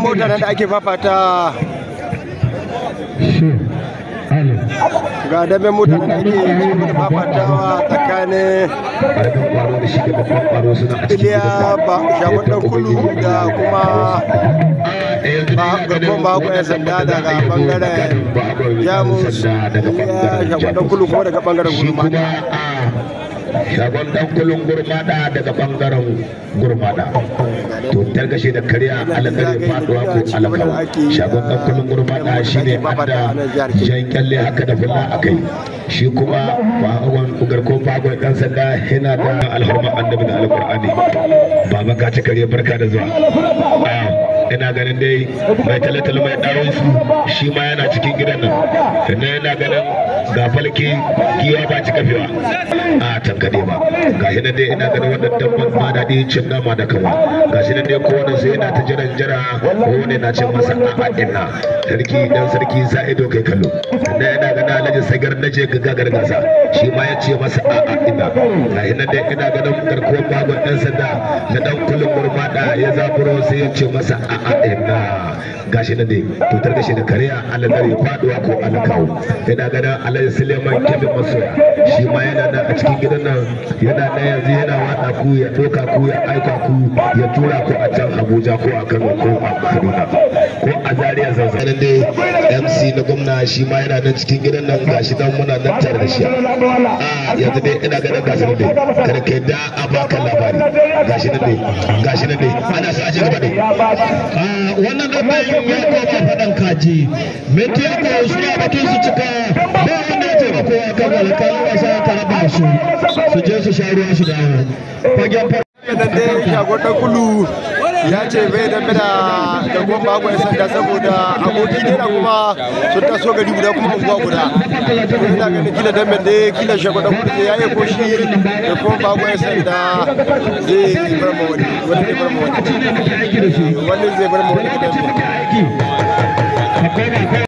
mota da ake fafata ga dabe mota da ake fafatawa tsakanin kiya ba shagudan kulu da kuma babban bakon ya sanda daga bangaren jamus kulu kuma daga bangaren gulma dan kulun gurmada daga bangaren gurmada to targashe da kariya. a alakare faduwa ko alakawa shagon dan eh, da gurbata shine adda jan kyalle haka da fulla kai. shi kuma fa'awan garkon fagon dan sanda yana da alhurma annabi da alqur'ani baba ka ci kare barka da zuwa ina ganin dai mai talatal mai ɗaron su shi ma yana cikin gidan nan sannan yana ganin ga falki giwa ba ci kafewa a tankade ba ga shi nan dai ina ganin wannan dabban ba daɗi cin nama da kama ga shi nan dai kowane sai yana ta jiran jira wani na cin masa a ɗinna sarki dan sarki za ido kai kallo sannan yana ganin alhaji sagar naje gagagar gasa shi ma ya ce masa a ɗinna ga shi nan dai ina ganin garkuwar babu ɗan sanda na ɗan kullum murmaɗa ya zaburo sai ya ce masa a. haɗe na gashi nan ne tutar gashi da kariya allah dare faduwa ko allah kawo sai da gada allah suleiman kebin masoya shi ma yana nan a cikin gidan nan yana nan yanzu yana wada ku ya doka ku ya aika ku ya tura ku a can abuja ko a kano ko a kaduna ko a zaria dai mc na gwamna shi ma yana nan cikin gidan nan gashi muna nan tare da shi yanzu dai ina ganin dai da a baka labari gashi nan dai gashi nan dai ana sa gaba dai wannan ya faɗan kaji metiya ko suna bakin su cika ba wanda kan su su je su sha ruwa su dawo fagen shagon kulu ya ce bai da dagon bakon sanda saboda aboki ne kuma sun taso gari guda kuma unguwa guda ina ganin kila kila shagon ya yi da kuma bakon sanda zai bar wani wani zai bar wani wani zai bar wani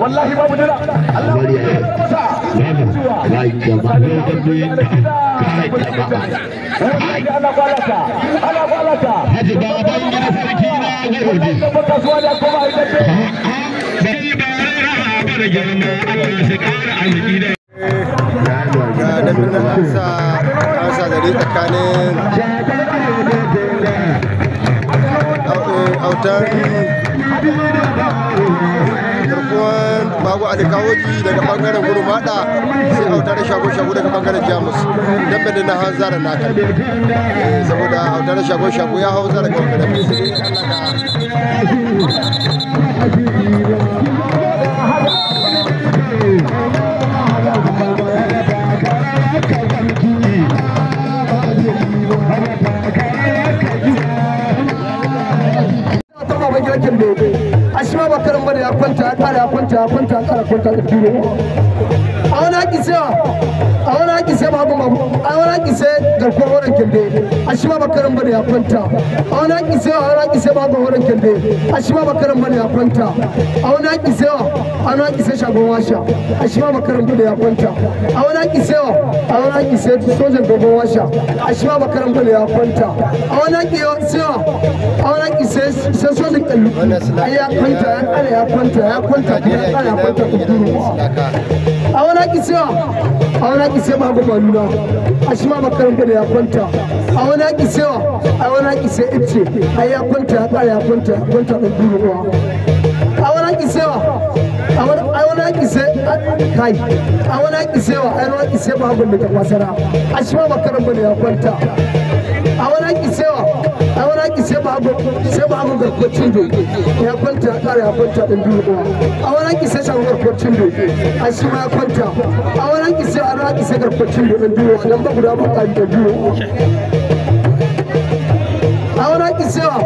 wallahi babu dira Allah ya yi gaba ne da A kai gaba ana kwalata ana kwalata haji ba ban gida sarki na gode kasuwa da kuma ita ce sai ba ba Allah autan garkuwan bago alikawoji daga bangaren guru mada sai autar shago shago daga bangaren jamus don bai na eh, hanza da naka saboda autar shago shago ya hau zara ga bangaren abubakar mara ya kwanta ya kara ya kwanta ya kwanta ya kara kwanta da awona kise awona kise babu babu awona kise garkuwar horon kende a shi ma bakarin bane ya kwanta awona kise awona kise babu horon kende a shi ma bakarin bane ya kwanta awona kise awona kise shagon washa a shi ma bakarin bane ya kwanta awona kise awona kise sojan dogon washa a shi ma bakarin bane ya kwanta awona kise awona kise sai sojan kallu a ya kwanta ya kwanta ya kwanta ya kwanta ya kwanta a wani ki siya a wani ki ba babu maluna a shi ma makaranta da ya kwanta a wani ki a wani ki siya ice a ya kwanta ya kara ya kwanta ya kwanta da duruwa a wani ki siya a wani ki siya kai a wani ki siya a wani ki siya babu da ta kwasara a shi ma makaranta da ya kwanta awara kisewa awara kisema hapo sema hapo ga kotindo ya kwanta kare ya kwanta din biyu ko awara kise shan ga kotindo a shi ma ya kwanta awara kise awara kise ga kotindo din biyu nan ba guda ba kan biyu awon akise wa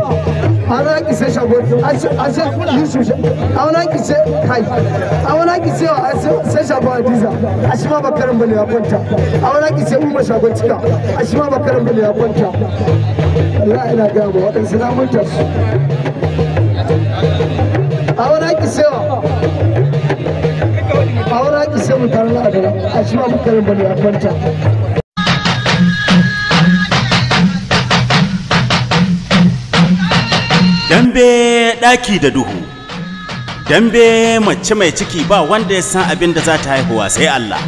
awon akise shago ase ase yusuf awon akise kai awon akise wa ase sai shago adiza ashe ma bakaran bale ya kwanta awon akise umma shago cika ashe ma bakaran bale ya kwanta wallahi ina ga ba wadansu na munta su awon akise wa awon akise mutanen adana ashe ma bakaran bale ya kwanta dambe ɗaki da duhu dambe mace mai ciki ba wanda ya san abin da za ta haihuwa sai Allah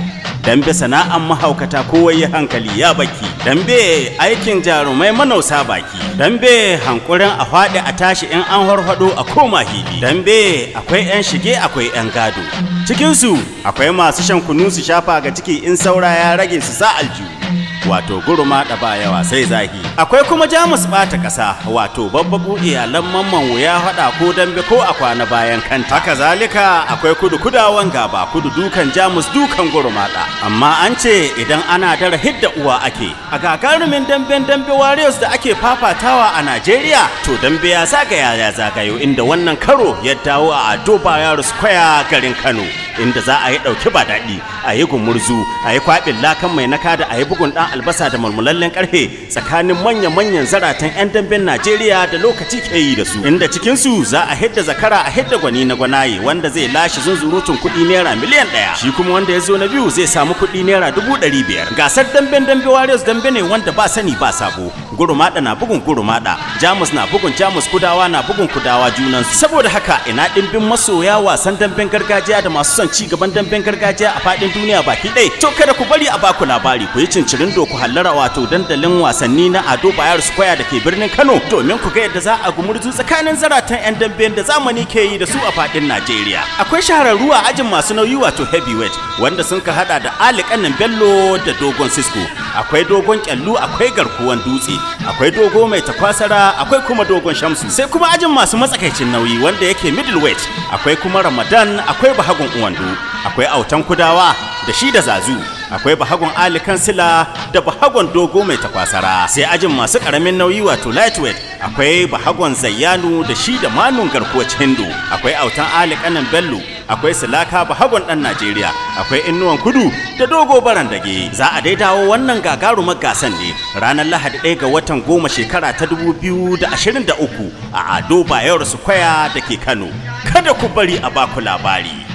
dambe sana'an mahaukata kowai ya hankali ya baki dambe aikin jarumai manausa baki dambe hankurin a faɗi a tashi in an harhaɗo a koma hili dambe akwai 'yan shige akwai 'yan gado cikinsu akwai masu shan kunu su shafa ga ciki in saura ya rage su sa aljihu wato guruma da ba yawa sai zahi akwai kuma jamus bata kasa wato babbabu iyalan mamman wuya hada ko dambe ko a kwana bayan kanta haka zalika akwai kudu kudawan gaba kudu dukan jamus dukan guruma da amma an ce idan ana dara hidda uwa ake a gagarumin damben dambe warriors da ake fafatawa a Najeriya to dambe ya zagaya ya zagayo inda wannan karo ya dawo a Ado Bayero Square garin Kano inda za a yi ɗauki ba daɗi a yi gumurzu a yi kwaɓin lakan mai naka da a yi bugun ɗan albasa da mulmulallen ƙarfe tsakanin manya-manyan zaratan 'yan damben najeriya da lokaci ke yi da su inda cikinsu za a hidda zakara a hidda gwani na gwanaye wanda zai lashe zunzurutun kuɗi naira miliyan ɗaya shi kuma wanda ya zo na biyu zai samu kuɗi naira dubu ɗari biyar gasar damben dambe warriors dambe ne wanda ba sani ba sabo gurumada na bugun gurumada jamus na bugun jamus kudawa na bugun kudawa junan saboda haka ina dimbin masoya wasan damben gargajiya da masu son ci gaban damben gargajiya a fadin duniya baki ɗaya to kada ku bari a baku labari ku yi cincirin doku hallara wato dandalin wasanni na ado bayar square da ke birnin kano domin ku ga yadda za a gumurzu tsakanin zaratan yan damben da zamani ke yi da su a fadin najeriya akwai shahararru a ajin masu nauyi wato heavyweight wanda sun ka hada da ali kanin bello da dogon sisko akwai dogon kyallu akwai garkuwan dutse akwai dogo mai takwasara akwai kuma dogon shamsu sai kuma ajin masu matsakaicin nauyi wanda yake middleweight akwai kuma ramadan akwai bahagun uwandu akwai autan kudawa da shi da zazu akwai bahagon ali kansila da bahagon dogo mai takwasara sai ajin masu karamin nauyi wato lightweight akwai bahagon zayyanu da shi da manun garkuwar hindu akwai autan ali kanan bello akwai silaka bahagon dan najeriya akwai innuwan kudu da dogo baran dage za a dai dawo wannan gagarumar gasan ne ranar lahadi ɗaya ga watan goma shekara ta da da ashirin uku, a ado bayero kwaya da ke kano kada ku bari a baku labari